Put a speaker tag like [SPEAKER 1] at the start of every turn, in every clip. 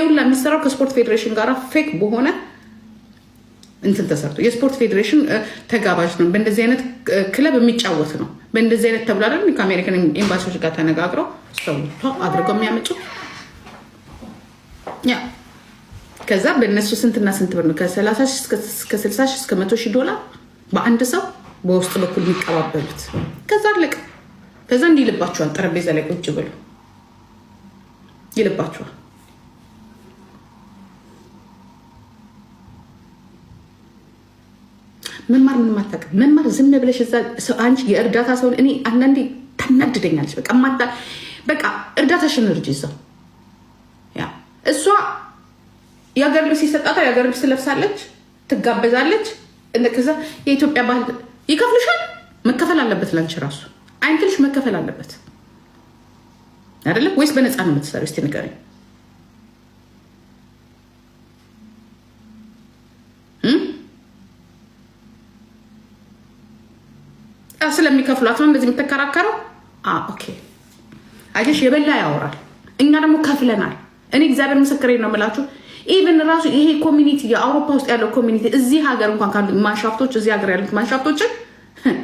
[SPEAKER 1] ሁላ የሚሰራው ከስፖርት ፌዴሬሽን ጋር ፌክ በሆነ እንትን ተሰርቶ የስፖርት ፌዴሬሽን ተጋባዥ ነው። በእንደዚህ አይነት ክለብ የሚጫወት ነው። በእንደዚህ አይነት ተብሎ አይደል ከአሜሪካን ኤምባሲዎች ጋር ተነጋግረው ሰውቷ አድርገው የሚያመጡ ያ ከዛ በእነሱ ስንትና ስንት ብር ነው? ከ30 ሺህ እስከ መቶ ሺህ ዶላር በአንድ ሰው በውስጥ በኩል የሚቀባበሉት። ከዛ አለቀ። ከዛ እንዲህ ጠረጴዛ ላይ ቁጭ ብሎ ይልባቸዋል። መማር ምንም አታውቅም። መማር ዝም ብለሽ እዛ አንቺ የእርዳታ ሰውን እኔ አንዳንዴ ታናድደኛለች። በቃ ማታ በቃ እርዳታሽን እርጅ እዛው እሷ የሀገር ልብስ ይሰጣታ የሀገር ልብስ ለብሳለች፣ ትጋበዛለች። ከዛ የኢትዮጵያ ባህል ይከፍልሻል። መከፈል አለበት ላንቺ ራሱ አይንክልሽ መከፈል አለበት አይደለም ወይስ በነፃ ነው የምትሰሪው? እስኪ ንገረኝ። ስለሚከፍሏት ነው እንደዚህ የምትከራከረው። ኦኬ አየሽ፣ የበላ ያወራል። እኛ ደግሞ ከፍለናል። እኔ እግዚአብሔር ምስክሬ ነው የምላችሁ። ኢቨን ራሱ ይሄ ኮሚኒቲ የአውሮፓ ውስጥ ያለው ኮሚኒቲ እዚህ ሀገር እንኳን ካሉ ማንሻፍቶች እዚህ ሀገር ያሉት ማንሻፍቶችን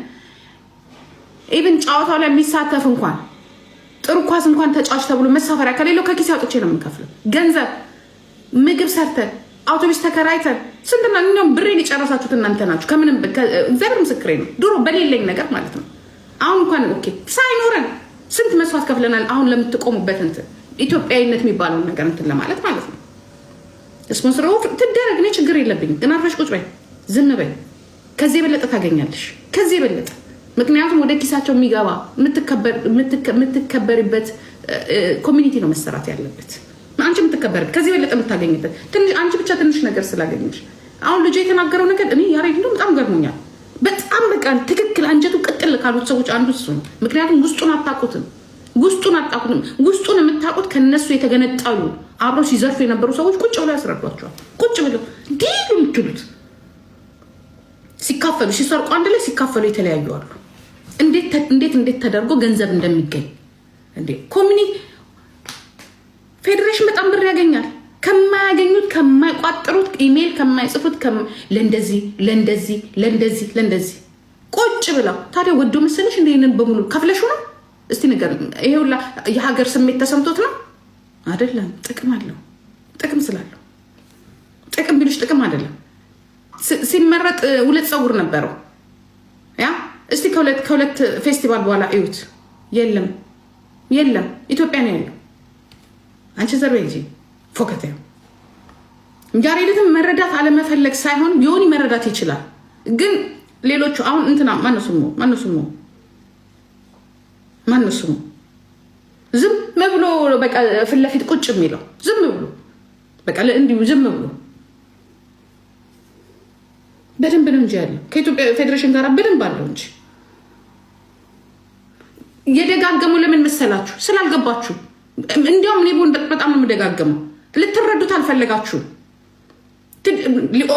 [SPEAKER 1] ኢቨን ጨዋታው ላይ የሚሳተፍ እንኳን ጥሩ ኳስ እንኳን ተጫዋች ተብሎ መሳፈሪያ ከሌለው ከኪስ አውጥቼ ነው የምንከፍለው ገንዘብ ምግብ ሰርተን አውቶቡስ ተከራይተን ስንትና እኛም ብሬን የጨረሳችሁት እናንተ ናችሁ። ከምንም እግዚአብሔር ምስክሬ ነው። ድሮ በሌለኝ ነገር ማለት ነው። አሁን እንኳን ኦኬ ሳይኖረን ስንት መስዋዕት ከፍለናል። አሁን ለምትቆሙበት እንትን ኢትዮጵያዊነት የሚባለውን ነገር እንትን ለማለት ማለት ነው። ስፖንሰር ትደረግ፣ እኔ ችግር የለብኝም። ግን አርፈሽ ቁጭ በይ፣ ዝም በይ። ከዚህ የበለጠ ታገኛለሽ፣ ከዚህ የበለጠ ምክንያቱም ወደ ኪሳቸው የሚገባ የምትከበርበት ኮሚኒቲ ነው መሰራት ያለበት። አንቺ የምትከበርበት ከዚህ የበለጠ የምታገኝበት አንቺ ብቻ ትንሽ ነገር ስላገኘሽ አሁን ልጅ የተናገረው ነገር እኔ ያሬድ እንደው በጣም ገርሞኛል። በጣም በቃ ትክክል አንጀቱ ቅጥል ካሉት ሰዎች አንዱ ነው። ምክንያቱም ውስጡን አታውቁትም፣ ውስጡን አታውቁትም። ውስጡን የምታውቁት ከነሱ የተገነጠሉ አብረው ሲዘርፉ የነበሩ ሰዎች ቁጭ ብለው ያስረዷቸዋል። ቁጭ ብለው ዲል የምትሉት ሲካፈሉ ሲሰርቁ አንድ ላይ ሲካፈሉ የተለያዩ አሉ። እንዴት እንዴት ተደርጎ ገንዘብ እንደሚገኝ ኮሚኒ ፌዴሬሽን በጣም ብር ያገኛል ከማያ ከሚቀባጥሩት ኢሜይል ከማይጽፉት ለእንደዚህ ለእንደዚህ ለእንደዚህ ለእንደዚህ ቁጭ ብለው ታዲያ ወዶ መሰለሽ እንዲህንን በሙሉ ከፍለሹ ነው እስቲ ነገር ይሄ የሀገር ስሜት ተሰምቶት ነው አይደለም። ጥቅም አለው። ጥቅም ስላለው ጥቅም ቢሉሽ ጥቅም አይደለም። ሲመረጥ ሁለት ፀጉር ነበረው። ያ እስቲ ከሁለት ፌስቲቫል በኋላ እዩት። የለም የለም፣ ኢትዮጵያ ነው ያለው። አንቺ ዘርቤ እንጂ ፎከት ጃሬድን መረዳት አለመፈለግ ሳይሆን ቢሆን መረዳት ይችላል። ግን ሌሎቹ አሁን እንትና ማነሱሙ ማነሱሙ ማነሱሙ ዝም ብሎ በቃ ፊት ለፊት ቁጭ የሚለው ዝም ብሎ በቃ እንዲሁ ዝም ብሎ በደንብ ነው እንጂ ያለው ከኢትዮጵያ ፌዴሬሽን ጋር በደንብ አለው እንጂ የደጋገሙ ለምን መሰላችሁ? ስላልገባችሁ። እንዲያውም እኔ በጣም ነው የምደጋገመው። ልትረዱት አልፈለጋችሁም።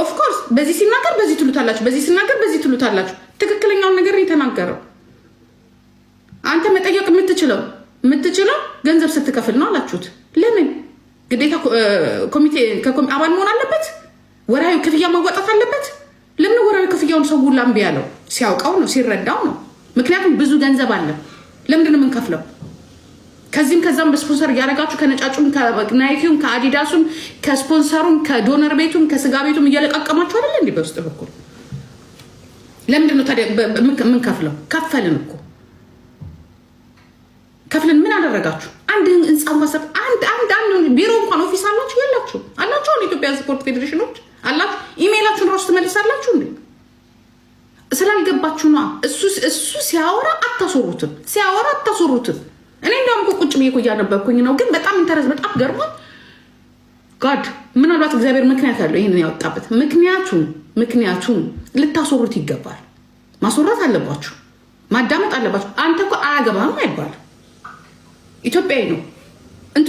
[SPEAKER 1] ኦፍኮርስ በዚህ ሲናገር በዚህ ትሉታላችሁ፣ በዚህ ሲናገር በዚህ ትሉታላችሁ። ትክክለኛውን ነገር የተናገረው አንተ መጠየቅ የምትችለው የምትችለው ገንዘብ ስትከፍል ነው አላችሁት። ለምን ግዴታ ኮሚቴ አባል መሆን አለበት? ወርሃዊ ክፍያ ማዋጣት አለበት? ለምን ወርሃዊ ክፍያውን ሰው ሁላ እምቢ ያለው? ሲያውቀው ነው ሲረዳው ነው። ምክንያቱም ብዙ ገንዘብ አለ። ለምንድን ነው የምንከፍለው? ከዚህም ከዛም በስፖንሰር እያደረጋችሁ ከነጫጩም ከናይኪውም ከአዲዳሱም ከስፖንሰሩም ከዶነር ቤቱም ከስጋ ቤቱም እየለቃቀማችሁ አይደለ እንዲህ በውስጥ በኩል ለምንድን ነው ታዲያ የምንከፍለው? ከፈልን እኮ ከፍልን። ምን አደረጋችሁ? አንድ ህንፃ ማሰብ አንድ አንድ አንድ ቢሮ እንኳን ኦፊስ አላችሁ የላችሁ አላችሁ። አሁን ኢትዮጵያ ስፖርት ፌዴሬሽኖች አላችሁ። ኢሜይላችሁን ራሱ ትመልሳላችሁ እንዴ? ስላልገባችሁ ነዋ። እሱ ሲያወራ አታሰሩትም ሲያወራ አታሰሩትም እኔ ቁጭ ብዬ እኮ እያነበብኩኝ ነው። ግን በጣም ኢንተረስ በጣም ገርሞት ጋድ ምናልባት እግዚአብሔር ምክንያት ያለው ይህንን ያወጣበት ምክንያቱም ምክንያቱም ልታስወሩት ይገባል። ማስወራት አለባችሁ፣ ማዳመጥ አለባችሁ። አንተ እኮ አያገባህም አይባልም። ኢትዮጵያዊ ነው